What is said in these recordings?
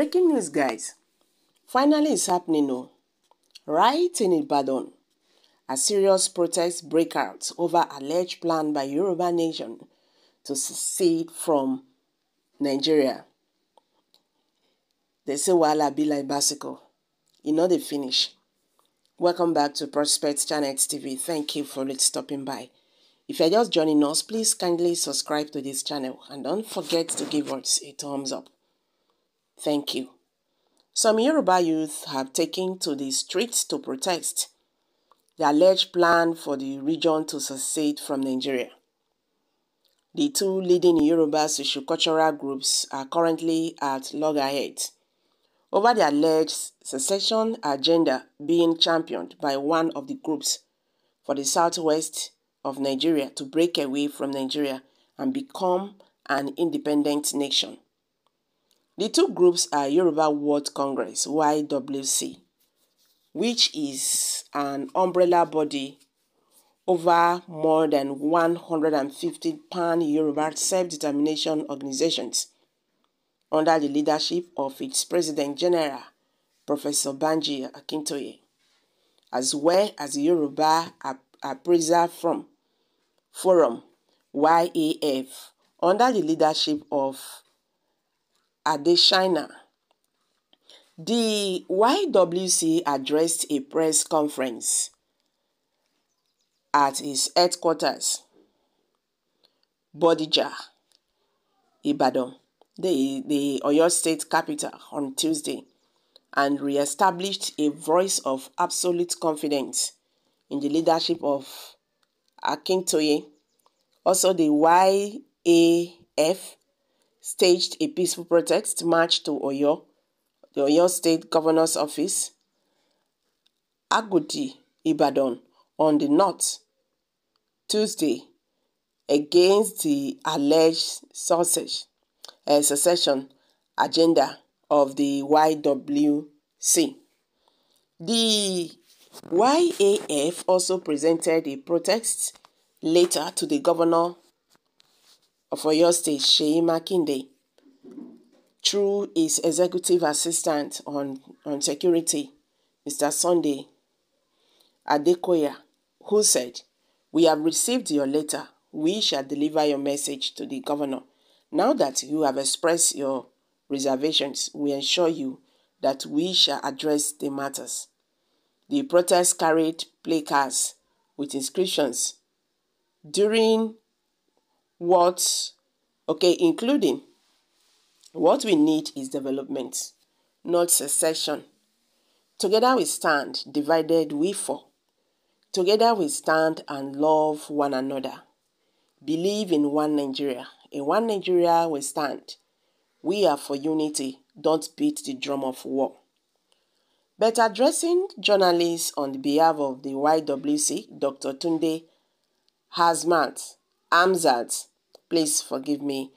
Breaking news, guys. Finally, it's happening now. Oh. Right in Ibadan, a serious protest break out over alleged plan by Yoruba nation to secede from Nigeria. They say Wala be like bicycle. You know they finish. Welcome back to Prospect Channel TV. Thank you for stopping by. If you're just joining us, please kindly subscribe to this channel and don't forget to give us a thumbs up. Thank you. Some Yoruba youth have taken to the streets to protest the alleged plan for the region to secede from Nigeria. The two leading Yoruba cultural groups are currently at loggerheads over the alleged secession agenda being championed by one of the groups for the southwest of Nigeria to break away from Nigeria and become an independent nation. The two groups are Yoruba World Congress YWC, which is an umbrella body over more than 150 pan Yoruba self determination organizations under the leadership of its President General, Professor Banji Akintoye, as well as the Yoruba Appraiser from Forum YAF, under the leadership of Adesina. The YWC addressed a press conference at its headquarters, Bodija, Ibadan, the, the Oyo state capital, on Tuesday and re-established a voice of absolute confidence in the leadership of Akintoye. Also, the YAF staged a peaceful protest march to Oyo, the Oyo State Governor's Office, Agodi, Ibadan, on the north Tuesday against the alleged sausage, uh, secession agenda of the YWC. The YAF also presented a protest later to the governor of Oyo State, Sheyi Makinde, through his executive assistant on, on security, Mr. Sunday Adekoya, who said, We have received your letter. We shall deliver your message to the governor. Now that you have expressed your reservations, we assure you that we shall address the matters. The protest carried placards with inscriptions. During what, okay, including what we need is development, not secession. Together we stand, divided we fall. Together we stand and love one another. Believe in one Nigeria. In one Nigeria we stand. We are for unity. Don't beat the drum of war. But addressing journalists on behalf of the YWC, Dr. Tunde Hasmat, Amzat please forgive me,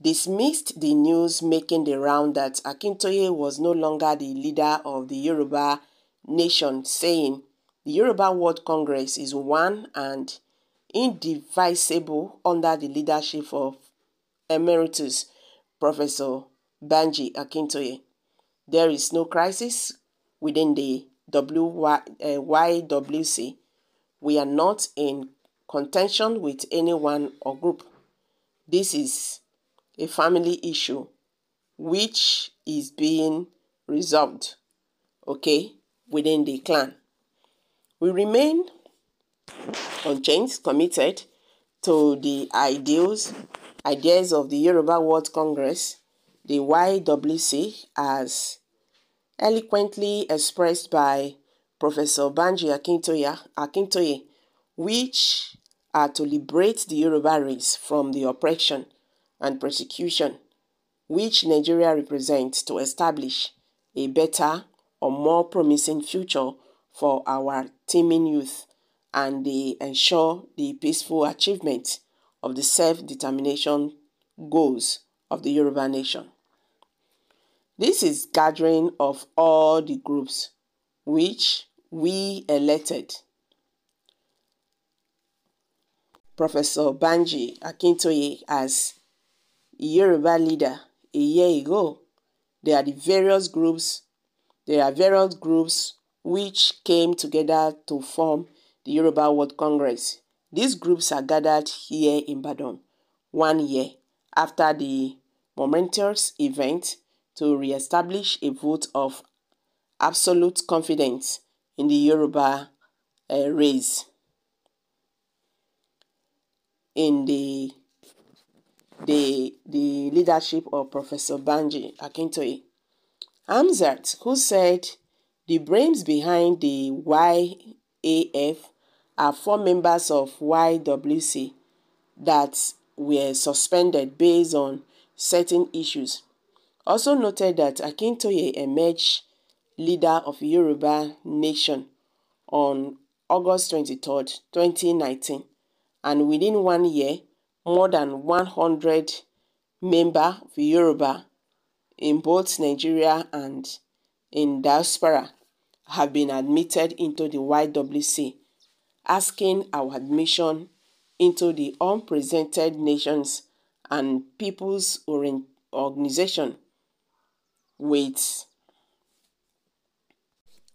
dismissed the news making the round that Akintoye was no longer the leader of the Yoruba nation, saying, The Yoruba World Congress is one and indivisible under the leadership of Emeritus Professor Banji Akintoye. There is no crisis within the YWC. Uh, we are not in contention with anyone or group. This is a family issue which is being resolved, okay, within the clan. We remain unchanged, committed to the ideals, ideas of the Yoruba World Congress, the YWC, as eloquently expressed by Professor Banji Akintoye, Akintoye which are to liberate the Yoruba race from the oppression and persecution which Nigeria represents to establish a better or more promising future for our teeming youth and they ensure the peaceful achievement of the self-determination goals of the Yoruba nation. This is gathering of all the groups which we elected Professor Banji Akintoye as Yoruba leader a year ago, there are the various groups there are various groups which came together to form the Yoruba World Congress. These groups are gathered here in Ibadan one year after the momentous event to re-establish a vote of absolute confidence in the Yoruba uh, race. in the the the leadership of Professor Banji Akintoye. Amzat, who said the brains behind the YAF are four members of YWC that were suspended based on certain issues. Also noted that Akintoye emerged leader of Yoruba nation on August 23, 2019 and within one year, more than 100 member of Yorùbá in both Nigeria and in diaspora have been admitted into the YWC, asking our admission into the unrepresented Nations and Peoples Organization with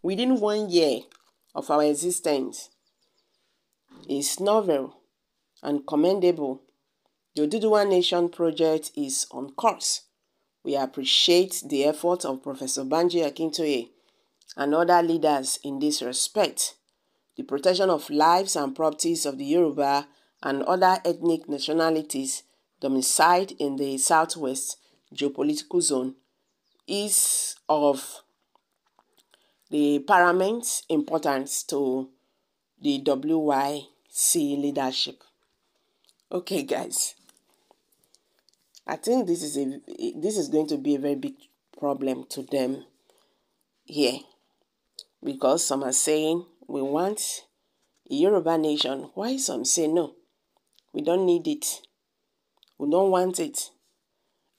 within one year of our existence is novel and commendable. The Oduduwa Nation project is on course. We appreciate the effort of Professor Banji Akintoye and other leaders in this respect. The protection of lives and properties of the Yoruba and other ethnic nationalities domiciled in the southwest geopolitical zone is of the paramount importance to the WYC leadership. Okay, guys. I think this is a this is going to be a very big problem to them here because some are saying we want a Yoruba nation. Why some say no? We don't need it. We don't want it.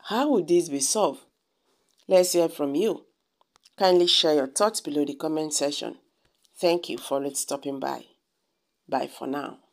How would this be solved? Let's hear from you. Kindly share your thoughts below the comment section. Thank you for stopping by. Bye for now.